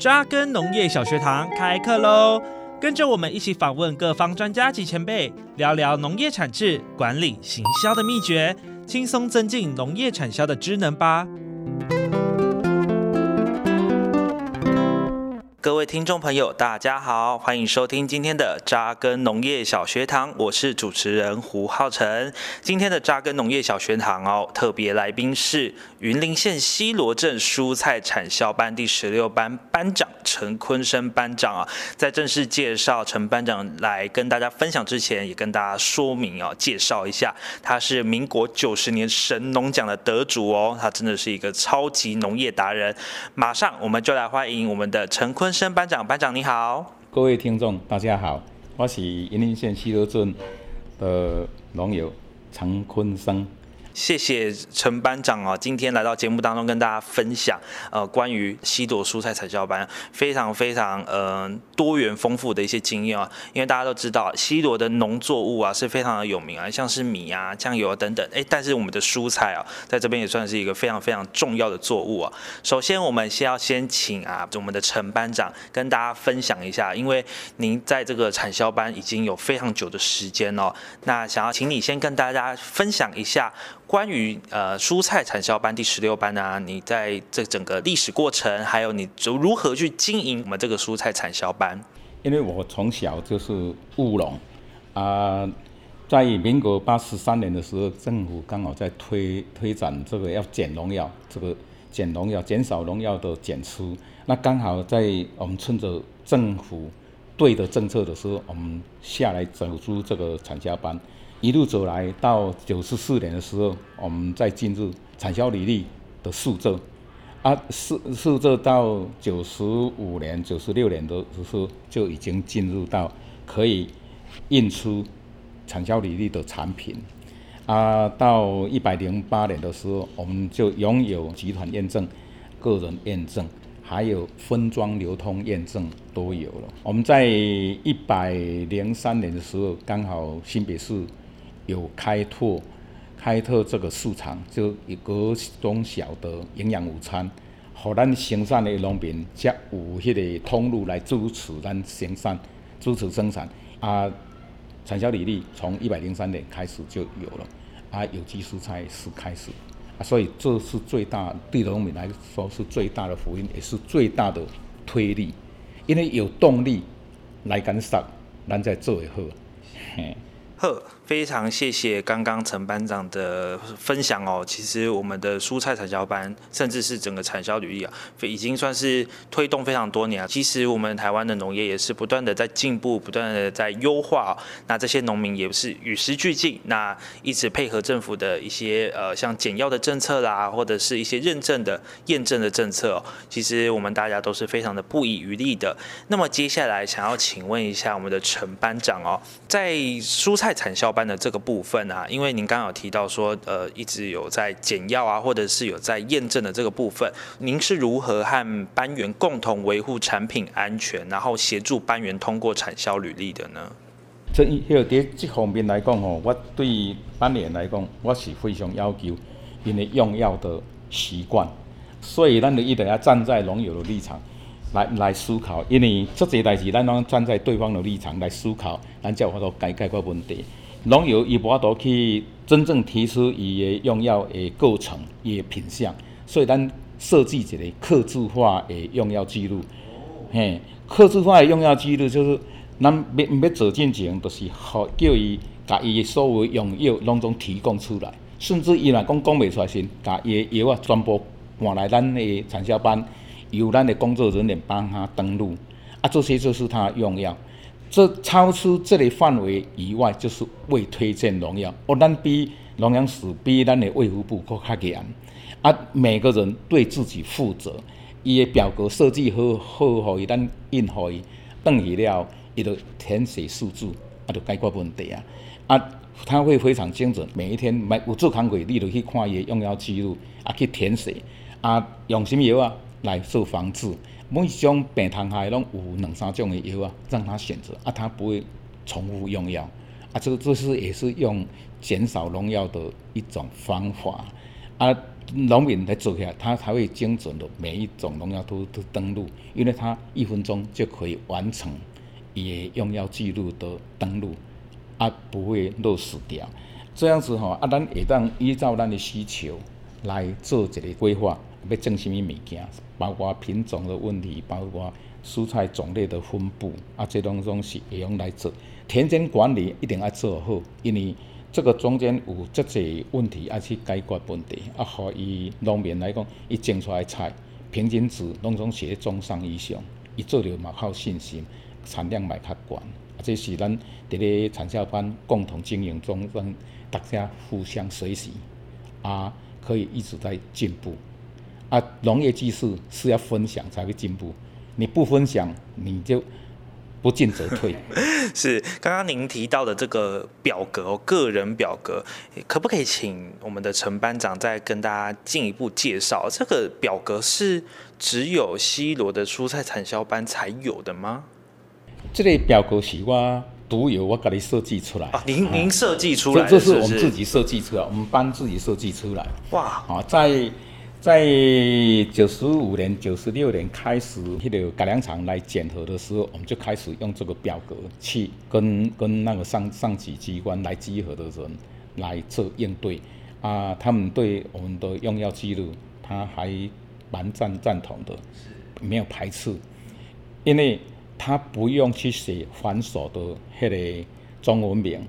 扎根農業小學堂開課嘍！跟着我們一起訪問各方專家及前輩，聊聊農業產製、管理、行銷的秘訣，輕鬆增進農業產銷的知能吧。各位聽眾朋友，大家好，歡迎收聽今天的扎根農業小學堂，我是主持人胡浩辰。今天的扎根農業小學堂哦，特別來賓是雲林縣西螺鎮蔬菜產銷班第十六班班長程昆生班長啊、哦。在正式介紹程班長來跟大家分享之前，也跟大家說明哦，介紹一下，他是民國九十年神農獎的得主哦，他真的是一個超級農業達人。馬上我們就來歡迎我們的程昆。班長，班長你好，各位聽眾大家好，我是雲林縣西螺村的農友程昆生。謝謝程班長啊、哦，今天來到節目當中跟大家分享，呃，關於西螺蔬菜產銷班非常非常嗯、呃，多元豐富的一些經驗啊、哦。因為大家都知道，西螺的農作物啊是非常的有名啊，像是米啊、醬油啊等等。哎，但是我們的蔬菜啊，在這邊也算是一個非常非常重要的作物啊。首先，我們先要先請啊我們的程班長跟大家分享一下，因為您在這個產銷班已經有非常久的時間了、哦，那想要請你先跟大家分享一下。關於呃蔬菜產銷班第十六班啊，你在這整個歷史過程，還有你如如何去經營我們這個蔬菜產銷班？因為我從小就是務農，啊、呃，在民國八十三年的時候，政府剛好在推推展這個要減農藥，這個減農藥、減少農藥的減施，那剛好在我們趁着政府對的政策的時候，我們下來走出這個產銷班。一路走來，到九十四年的時候，我們再進入產銷履歷的數字，啊，數數字到九十五年、九十六年的時候就已經進入到可以印出產銷履歷的產品，啊，到一百零八年的時候，我們就擁有集團驗證、個人驗證，還有分裝流通驗證都有了。我們在一百零三年的時候，剛好新北市。有開拓，開拓這個市場，就一個中小的營養午餐，給咱生產的農民，才有迄個通路來支持咱生產，支持生產。啊，產銷履歷從一百零三年開始就有了，啊，有機蔬菜是開始，啊，所以這是最大對農民來說是最大的福音，也是最大的推力，因為有動力來，來幹啥，咱才做會好。嗯呵，非常謝謝剛剛陳班長的分享哦。其實我們的蔬菜產銷班，甚至是整個產銷履歷啊，已經算是推動非常多年了。其實我們台灣的農業也是不斷的在進步，不斷的在優化，哦。那這些農民也是與時俱進，那一直配合政府的一些呃，像簡要的政策啦，或者是一些認證的驗證的政策，哦。其實我們大家都是非常的不遺餘力的。那麼接下來想要請問一下我們的陳班長哦，在蔬菜在產銷班的這個部分啊，因為您剛好提到說，呃，一直有在減藥啊，或者是有在驗證的這個部分，您是如何和班員共同維護產品安全，然後協助班員通過產銷履歷的呢？這一些在這方面來講吼，我對於班裡人來講，我是非常要求，因為用藥的習慣，所以咱你一定要站在農友的立場。來來思考，因為這些代誌，咱要站在對方的立場來思考，咱才有法度解解決問題。攏由伊無法度去真正提出伊的用藥的過程，伊的品相，所以咱設計一個客製化的用藥記錄。嘿，客製化的用藥記錄就是咱要要做之前，就是互叫伊把伊所有用藥攏總提供出來，甚至伊若講講未出來伊的藥啊全部換來咱的產銷班。由咱的工作人員幫他登錄，啊，這些就是他用藥。這超出這裡範圍以外，就是未推薦農藥。哦、啊，咱比農業署比咱的衛福部閣較嚴。啊，每個人對自己負責。伊個表格設計好好，好，伊咱印好伊，轉去了，伊就填寫數字，啊，就解決問題啊。啊，他會非常精準。每一天，每有做工貴，你就去看伊個用藥記錄，啊，去填寫，啊，用什麼藥啊？來做防治，每一種病蟲害攏有兩三種的藥啊，讓他選擇，啊，他不會重複用藥，啊，這這是也是用減少農藥的一種方法，啊，農民來做起來，他才會精準的每一種農藥都都登錄，因為他一分鐘就可以完成，伊的用藥記錄的登錄，啊，不會漏失掉，這樣子吼、哦，啊，咱會當依照咱的需求來做一個規劃。要種啥物物件？包括品種的問題，包括蔬菜種類的分布，啊，這攏總是會用來做田間管理，一定要做好。因為這個中間有遮濟問題，要去解決問題，啊，互伊農民來講，伊種出來的菜平均值攏總是中上以上，伊做着嘛較有信心，產量嘛較懸。啊，這是咱佇咧產銷班共同經營中，咱大家互相學習，啊，可以一直在進步。啊，農業技術是要分享才會進步，你不分享，你就不進則退。呵呵是，剛剛您提到的這個表格，哦，個人表格，可不可以請我們的程班長再跟大家進一步介紹？這個表格是只有西螺的蔬菜產銷班才有的嗎？這個表格是我獨有，我自己設計出來。啊，您您設計出來？這是我們自己設計出來，對我們班自己設計出來。哇，啊，哦，在。在九十五年、九十六年開始去到改良廠來檢核的時候，我們就開始用這個表格去跟跟那個上上級機關來稽核的人來做應對。啊，他們對我們的用藥記錄，他還蠻贊贊同的，沒有排斥，因為他不用去寫繁瑣的迄個中文名，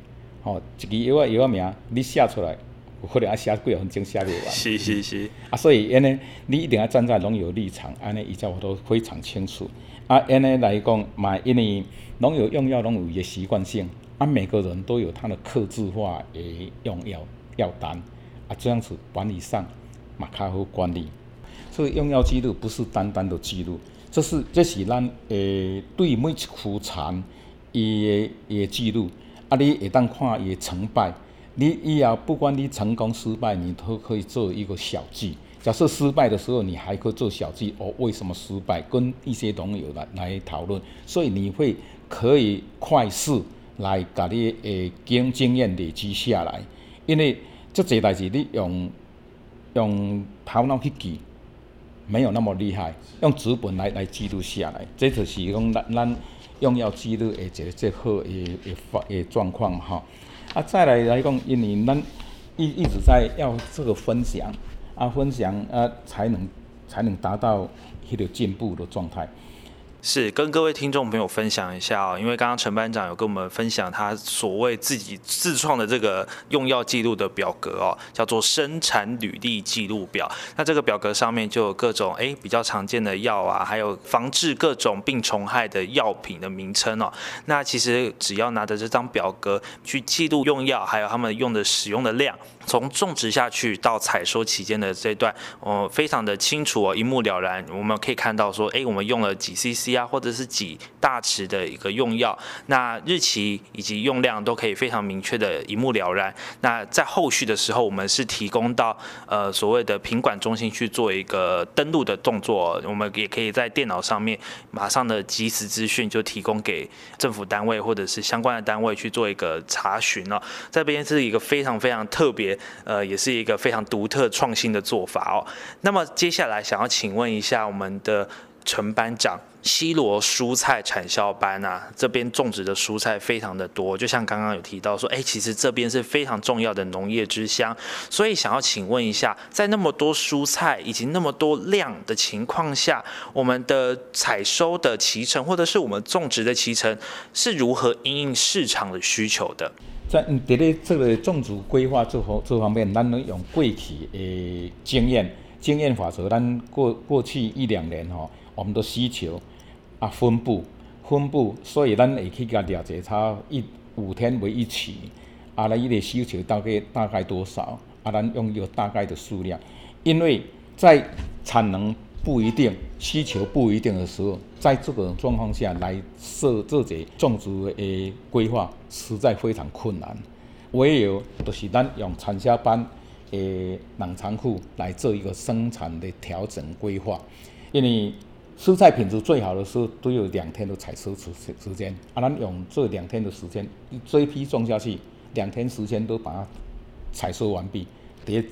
哦，一個藥啊藥名你寫出來。有可能阿些貴啊，很驚下落啊。是是是，啊，所以安呢，你一定要站在農友立場，安呢，以前我都非常清楚。啊，安呢來講，嘛，因為農友用藥，攏有一個習慣性，啊，每個人都有他的客製化誒用藥藥單，啊，這樣子管理上嘛較好管理。所以用藥記錄不是單單的記錄，這是這是咱誒、欸、對每一枯殘伊的他的記錄，啊，你會當看伊成敗。你要不管你成功失敗，你都可以做一個小記。假設失敗的時候，你還可以做小記哦。為什麼失敗？跟一些農友來來討論，所以你會可以快速來把你誒經經驗累積下來。因為這儕代志你用用頭腦去記，沒有那麼厲害。用紙本來來記錄下來，這就是講用咱咱用藥記錄誒一個最好誒誒狀誒狀況哈。啊，再來來講，因為咱一一直在要這個分享，啊，分享啊，才能才能達到迄個進步的狀態。是跟各位聽眾朋友分享一下哦、喔，因為剛剛陳班長有跟我們分享他所謂自己自創的這個用藥記錄的表格哦、喔，叫做生產履歷記錄表。那這個表格上面就有各種哎、欸，比較常見的藥啊，還有防治各種病蟲害的藥品的名稱哦、喔。那其實只要拿着這張表格去記錄用藥，還有他們用的使用的量，從種植下去到採收期間的這段，哦、呃，非常的清楚哦、喔，一目了然。我們可以看到說，哎、欸，我們用了幾 cc。啊，或者是幾大池的一個用藥，那日期以及用量都可以非常明確的一目了然。那在後續的時候，我們是提供到呃所謂的品管中心去做一個登錄的動作，我們也可以在電腦上面馬上的即時資訊就提供給政府單位或者是相關的單位去做一個查詢了。哦、這邊是一個非常非常特別，呃，也是一個非常獨特創新的做法哦。那麼接下來想要請問一下我們的程班長。西螺蔬菜產銷班啊，這邊種植的蔬菜非常的多，就像剛剛有提到說，哎、欸，其實這邊是非常重要的農業之鄉，所以想要請問一下，在那麼多蔬菜以及那麼多量的情況下，我們的採收的期程，或者是我們種植的期程，是如何因應市場的需求的？在你覺得這個種植規劃這方、這方面，難能有貴體的經驗？經驗法則，咱過過去一兩年吼，我們的需求啊分佈分佈，所以咱也可以甲了解，它一五天為一期，啊，咱一點需求大概大概多少，啊，咱擁有大概的數量，因為在產能不一定、需求不一定的時候，在這種狀況下來設自己種植的規劃，實在非常困難，唯有就是咱用產銷班。誒，冷藏庫來做一個生產的調整規劃，因為蔬菜品質最好的時候都有兩天的採收時時間，啊，咱用這兩天的時間，這一批種下去，兩天時間都把它採收完畢，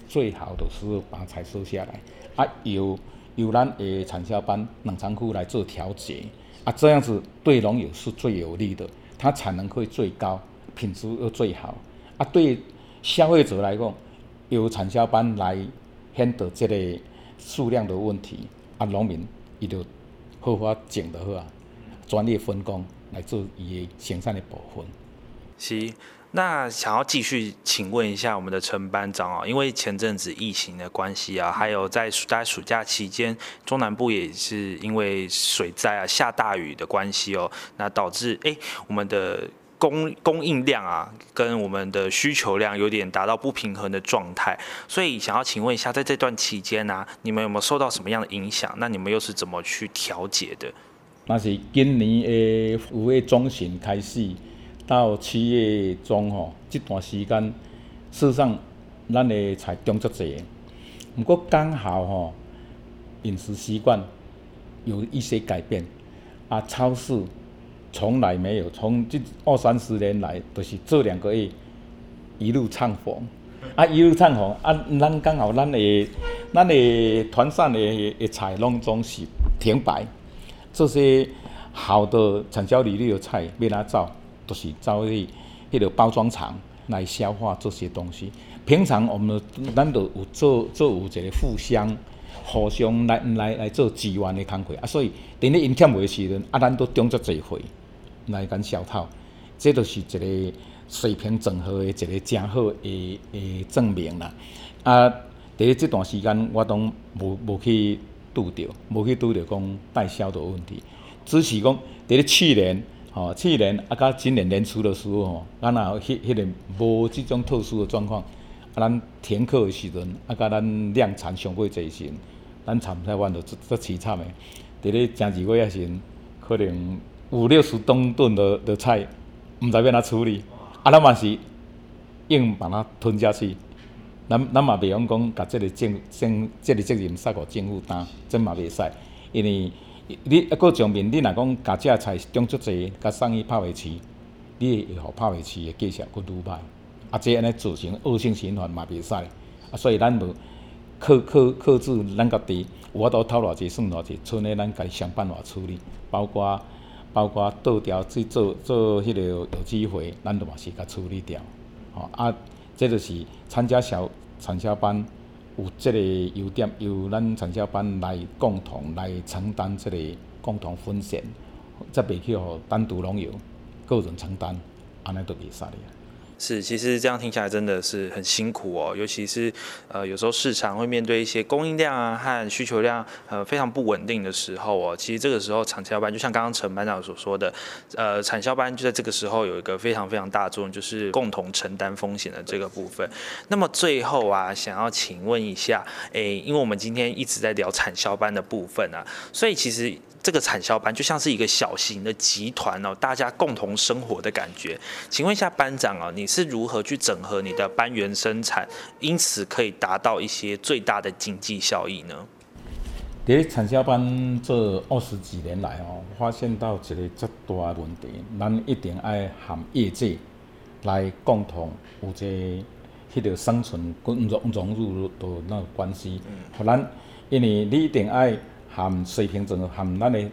最好的時候把它採收下來，啊，有有咱誒產銷班、冷藏庫來做調節，啊，這樣子對農友是最有利的，它產能會最高，品質又最好，啊，對消費者來說由產銷班來 handle 這類數量的問題，啊，農民伊就好就好種的話專業分工來做伊嘅生產嘅部分。是，那想要繼續請問一下我們的程班長哦，因為前陣子疫情的關係啊，還有在在暑假期間，中南部也是因為水災啊、下大雨的關係哦，那導致哎、欸、我們的。供供應量啊，跟我們的需求量有點達到不平衡的狀態，所以想要請問一下，在這段期間啊，你們有沒有受到什麼樣的影響？那你們又是怎麼去調節的？那是今年的五月中旬開始到七月中吼，這段時間，事實上，咱誒菜種足儕，不過剛好吼，飲食習慣有一些改變，啊，超市。從來沒有，從這二三十年來，都是這兩個月一路暢紅，嗯、啊一路暢紅。啊，咱剛好咱誒，咱誒團扇誒，的的的菜攏總是停擺，這些好的產銷履歷的菜要怎麼，俾咱走，都是走去迄個包裝廠來消化這些東西。平常我們咱都有做做有一個互相互相來來來做資源誒工課啊，所以等於因欠未時陣，啊咱都中足儕回。來減消套，這都是一個水平整合的一個正好誒誒證明啦。啊，佇即這段時間我都無無去拄着，無去拄着講代銷的問題，只是講佇咧，去年，吼、哦、去年啊加今年年初的時候，吼、哦，啊那迄迄個無即種特殊的狀況，啊咱停課的時陣，啊加咱量產上過濟時，咱產出來完就做做淒慘誒。佇咧上幾個月時，可能。五六十噸噸的的菜，毋知要安怎處理，啊，咱嘛是用把它吞下去。咱咱嘛袂用講，把即個政、政即、即個責任塞互政府擔，即嘛袂使。因為你啊個農民，你若講把即個菜種足濟，佮送去拍袂市，你會互拍袂市個計數去腐敗，啊，即安尼造成惡性循環嘛袂使。啊，所以咱着克克克制咱家己，有法度偷偌濟算偌濟，剩的咱家己想辦法處理，包括。包括倒掉去做做迄個有機會，咱都嘛是甲處理掉，吼啊，即就是參加銷產銷班有即個優點，由咱產銷班來共同來承擔即個共同風險，才袂去互單獨農友，個人承擔，安尼都袂使咧。是，其實這樣聽起來真的是很辛苦哦，尤其是呃有時候市場會面對一些供應量啊和需求量呃非常不穩定的時候哦，其實這個時候產銷班就像剛剛程班長所說的，呃產銷班就在這個時候有一個非常非常大作用，就是共同承擔風險的這個部分。對那麼最後啊，想要請問一下，哎，因為我們今天一直在聊產銷班的部分啊，所以其實這個產銷班就像是一個小型的集團哦，大家共同生活的感覺。請問一下班長啊、哦，你。是如何去整合你的班員生產，因此可以達到一些最大的經濟效益呢？誒，產銷班這二十幾年來哦，發現到一個最大的問題，咱一定愛含業界來共同有一個迄生存跟融融入的那個關係。不然、嗯，因為你一定愛含水平整含咱的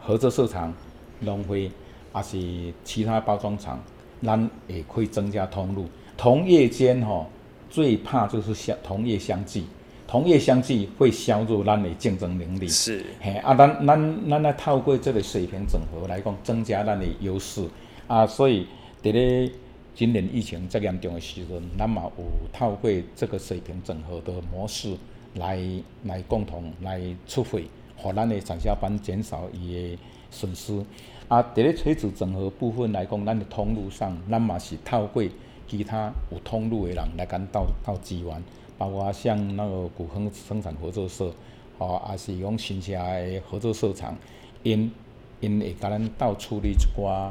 合作社場龍輝，還是其他包裝廠。咱也會增加通路，同業間吼最怕就是相同業相忌，同業相忌會削弱咱的競爭能力。是，嘿，啊，咱咱咱來透過這個水平整合來講，增加咱的優勢。啊，所以在呢今年疫情遮嚴重的時候，咱嘛有透過這個水平整合的模式來來共同來出費，讓咱的產銷班減少伊的損失。啊，在咧垂直整合部分來講，咱的通路上，咱嘛是透過其他有通路的人來咁到到資源，包括像那個古坑生產合作社，吼，啊，是用新社嘅合作社場，因因會甲咱到處理一寡、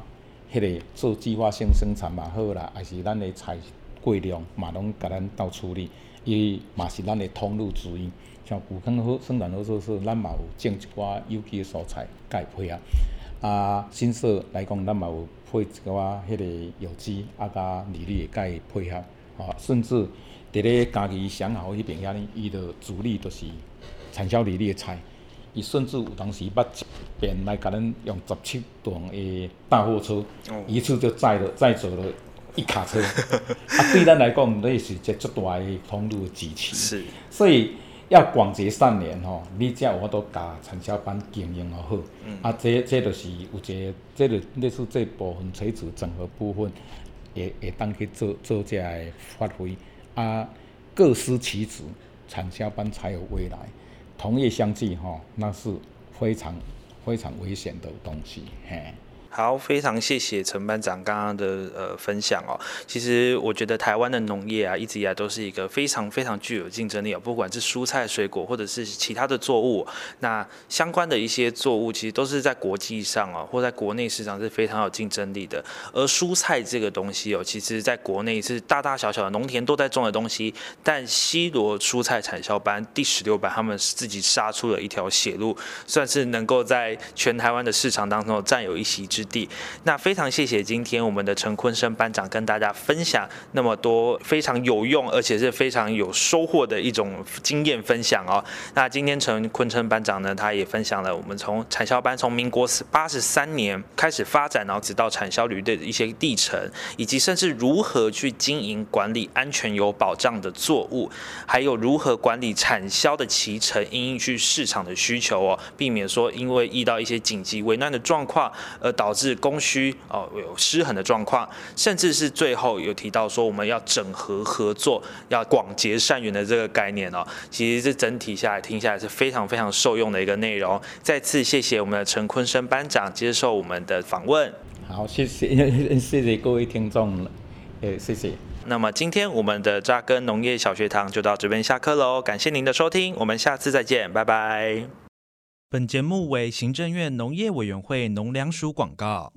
那個，迄個做計劃性生產嘛好啦，啊，是咱的菜過量，嘛攏甲咱到處理，伊嘛是咱的通路資源，像古坑合生產合作社，咱嘛有種一寡有機嘅蔬菜，家培啊。啊，新手來講，咱嘛有配個啊迄個有機啊，甲履歷也加以配合，哦、啊，甚至佇咧家己想好迄邊遐呢，伊的主力就是產銷履歷的菜，伊甚至有當時捌一邊來甲咱用十七噸的大貨車，哦、一次就載了載走了一卡車， 啊，對咱來講，類是一個足大個通路支持，是，所以。要廣結善緣吼，你才有法度甲產銷班經營的好。嗯、啊，這、這就是有一個，這、這是類似這部分垂直整合部分，也、也當去做、做這的發揮。啊，各司其職，產銷班才有未來。同業相忌吼、喔，那是非常、非常危險的東西。嘿。好，非常謝謝程班長剛剛的呃分享喔。其實我覺得台灣的農業啊，一直以來都是一個非常非常具有競爭力喔。不管是蔬菜、水果，或者是其他的作物，那相關的一些作物，其實都是在國際上喔，或在國內市場是非常有競爭力的。而蔬菜這個東西喔，其實在國內是大大小小的農田都在種的東西，但西螺蔬菜產銷班第十六班他們自己殺出了一條血路，算是能夠在全台灣的市場當中佔有一席之之地，那非常謝謝今天我們的程昆生班長跟大家分享那麼多非常有用，而且是非常有收穫的一種經驗分享哦。那今天程昆生班長呢，他也分享了我們從產銷班從民國八十三年開始發展，然後直到產銷履歷的一些歷程，以及甚至如何去經營管理安全有保障的作物，還有如何管理產銷的期程，因應去市場的需求哦，避免說因為遇到一些緊急危難的狀況而導致，導致供需哦有失衡的狀況，甚至是最後有提到說我們要整合合作，要廣結善緣的這個概念哦，其實這整體下來聽下來是非常非常受用的一個內容。再次謝謝我們的程昆生班長接受我們的訪問，好，謝謝謝謝各位聽眾，哎，謝謝。那麼今天我們的扎根農業小學堂就到這邊下課嘍，感謝您的收聽，我們下次再見，拜拜。本節目為行政院農業委員會農糧署廣告。